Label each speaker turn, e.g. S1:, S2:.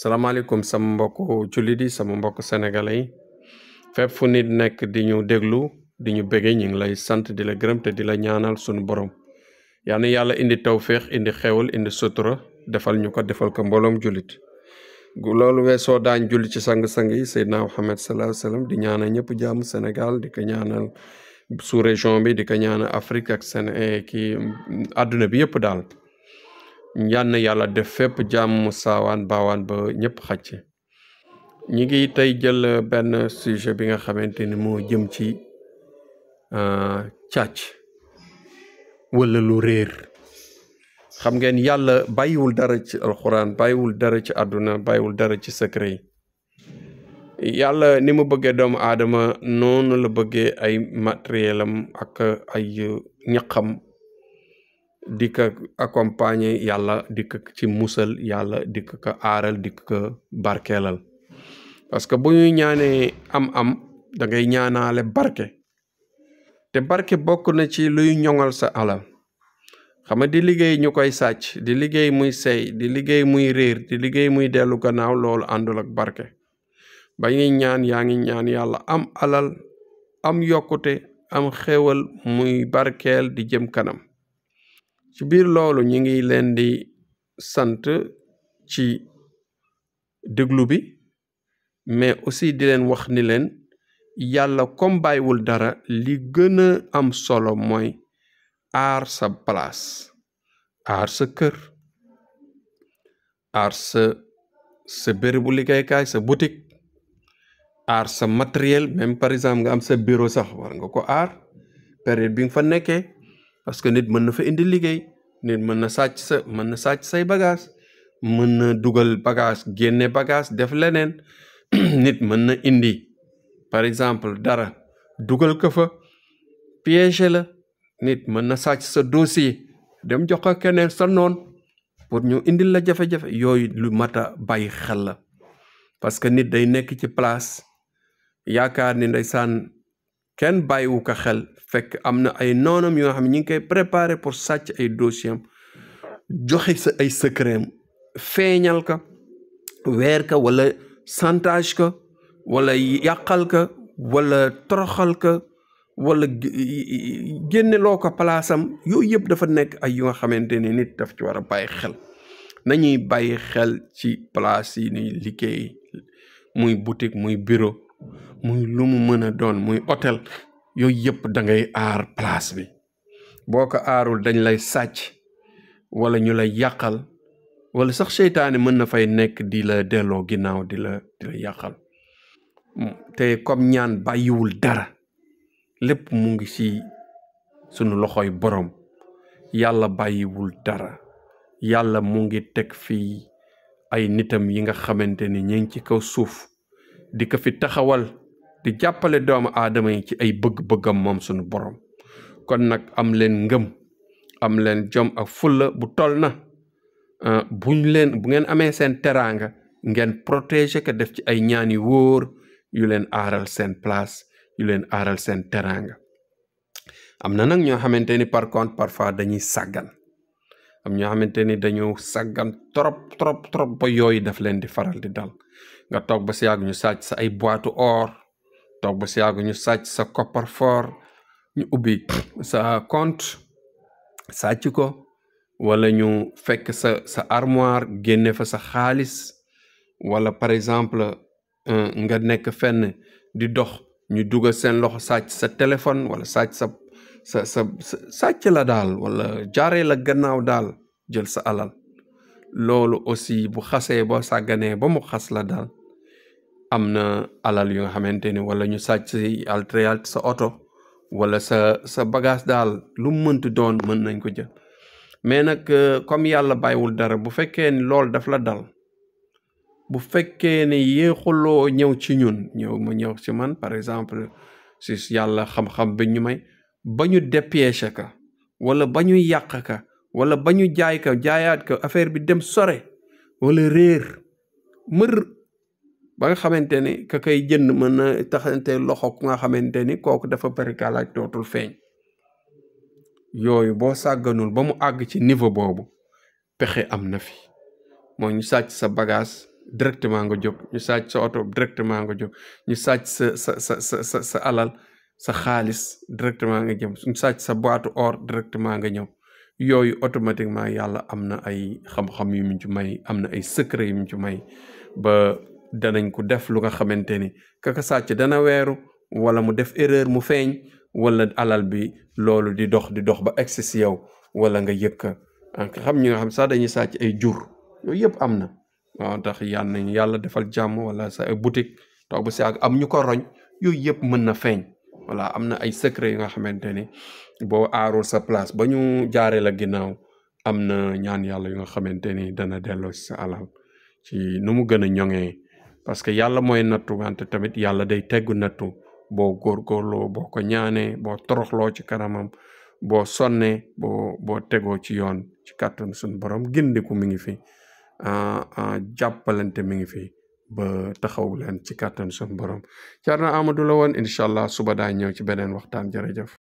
S1: salaamaaleykum sama mbokk jullit yi sama mbokk sénégalais yi fépp fu nit nekk di ñu déglu di ñu bége ñu ngi lay sant di la gërëm te di la ñaanal sunu borom yal na yàlla indi tawféex indi xewal indi sutura defal ñu ko defal ko mbooloom jullit loolu weesoo daañ julli ci sang-sang yi Seydina Muhammad sallallahu alayhi di ñaanal ñëpp jàmm senegal di ko ñaanal sous région bi di ko ñaanal Afrique ak seen eh, kii àdduna bi yëpp daal yal yàlla def fépp jàmm saawaan baawaan ba ñëpp xacc ñi ngi tey jël benn sujet bi nga xamante ni moo jëm ci ah, càcc wala lu réer xam ngeen yàlla bàyyiwul dara ci alxuraan bàyyiwul dara ci àdduna bàyyiwul dara ci secret yi yàlla ni mu bëggee doomu aadama noonu la bëggee ay matériel am ak ay ñaqam dikk ak accompagner yàlla dikk ci musal yàlla dikk ka aaral dikk ka barkeelal parce que bu ñuy ñaanee am-am dangay ngay ñaanaale barke te barke bokk na ci luy ñoŋal sa alal xam nga di liggéey ñu koy sàcc di liggéey muy sey di liggéey muy réer di liggéey muy dellu gannaaw loolu àndul ak barke ba ñuy ñaan yaa ngi ñaan yàlla am alal am yokkute am xewal muy barkeel di jëm kanam ci biir loolu ñi ngi leen di sant ci déglu bi mais aussi di leen wax ni leen yàlla comme bàyyiwul dara li gën a am solo mooy aar sa place aar sa kër aar sa sa bérébu liggéeykaay sa boutique aar sa matériel même par exemple nga am sa bureau sax war nga ko aar période bi nga fa nekkee parce que nit mën na fa indi liggéey nit mën na sàcc sa mën na sàcc say bagage mën na dugal bagage génne bagage def leneen nit mën na indi par exemple dara dugal ko fa piéger la nit mën na sàcc sa dossier dem jox ko keneen sa noon pour ñu indil la jafe-jafe yooyu lu mat a bàyyi xel la parce que nit day nekk ci place yaakaar ni ndeysaan kenn bàyyiwu ko xel fekk am na ay noonam yoo xam ne ñu ngi koy préparé pour sàcc ay dossier joxe sa ay secret feeñal ka weer ka wala chantage ka wala yàqal ka wala toroxal ka wala génne ko palaasam yooyu yëpp dafa nekk ay yoo xamante ne nit daf ci war a bàyyi xel nañuy bàyyi xel ci place yi ñuy liggéey muy boutique muy bureau muy lu mu mën a doon muy otel yooyu yëpp dangay ngay aar place bi boo ko aarul dañ lay sàcc wala ñu lay yàqal wala sax seytaane mën na fay nekk di la delloo ginnaaw di la di la yàqal te comme ñaan bàyyiwul dara lépp mu ngi ci sunu loxoy boroom yàlla bàyyiwul dara yàlla mu ngi teg fii ay nitam yi nga xamante ni ñu ngi ci kaw suuf di ko fi taxawal di jàppale doomu aadama yi ci ay bëgg-bëggam moom suñu borom kon nag am leen ngëm am leen jom ak fulla bu tol na ah, buñ leen bu ngeen amee seen teraanga ngeen protéger ko def ci ay ñaan yu wóor yu leen aaral seen place yu leen aaral seen teraanga am na nag ñoo xamante ni par contre dañuy sàggan am ñoo xamante ni dañu saggan trop trop trop ba yooyu daf leen di faral di dal nga toog ba si yàgg ñu sàcc sa ay boîte or toog ba si yàgg ñu sàcc sa copper for ñu ubbi sa compte sàcc ko wala ñu fekk sa sa armoire génne fa sa xaalis wala par exemple euh, nga nekk fenn di dox ñu dugal seen loxo sàcc sa téléphone wala sàcc sa sa sa sàcc la daal walla jaaree la gannaaw daal jël sa alal loolu aussi bu xasee ba sàgganee ba mu xas la daal am na alal yu nga xamante ni walla ñu sàcc si altréalt sa oto wala sa sa bagage daal lu mu doon mën nañ ko jël mais nag euh, comme yàlla bàyyiwul dara bu fekkee ni loolu daf la dal bu fekkee ne yéexuloo ñëw ci ñun ñëw ma ñëw ci man par exemple si yàlla xam-xam bi ñu may ba ñu dépêché ka wala ba ñu yàq ka wala ba ñu jaay ka jaayaat ka affaire bi dem sore walla réer mër ba nga xamante ni ka kay jënd mën na taxante loxo ku nga xamante ni kooku dafa bari kalaaj dootul feeñ yooyu boo sàgganul ba mu àgg ci niveau boobu pexe am na fi moo ñu sàcc sa bagage directement nga jóg ñu sàcc sa oto directement nga jóg ñu sàcc sa sa sa sa sa alal sa xaalis directement nga jëm suñ sàcc sa boîte or directement nga ñëw yooyu automatiquement yàlla am na ay xam-xam yu mu ci may am na ay secret yu mu ci may ba danañ ko def lu nga xamante ni kaka sàcc dana weeru wala mu def erreur mu feeñ wala alal bi loolu di dox di dox ba egsi si yow wala nga yëkk nga xam ñi nga xam sax dañuy sàcc ay jur yooyu yëpp am na tax yal nañ yàlla defal jàmm wala sa boutique toog ba si ak am ñu ko roñ yooyu yëpp mën na feeñ voilà am na ay secret yu nga xamante ni boo aarul sa place ba ñu jaaree la ginnaaw am na ñaan yàlla yu nga xamante ni dana delloo ci sa alal ci nu mu gën a ñoŋee parce que yàlla mooy nattu wante tamit yàlla day teggu nattu boo góorgóorloo boo ko ñaanee boo toroxloo ci kanamam boo sonnee boo boo tegoo ci yoon ci kàttanu suñu borom gindiku mi ngi fi ah, ah, jàppalante mi ngi fi. ba taxaw leen ci kàttan suñu borom Thierno Amadou la woon incha allah suba daa ñëw ci beneen waxtaan jërëjëf.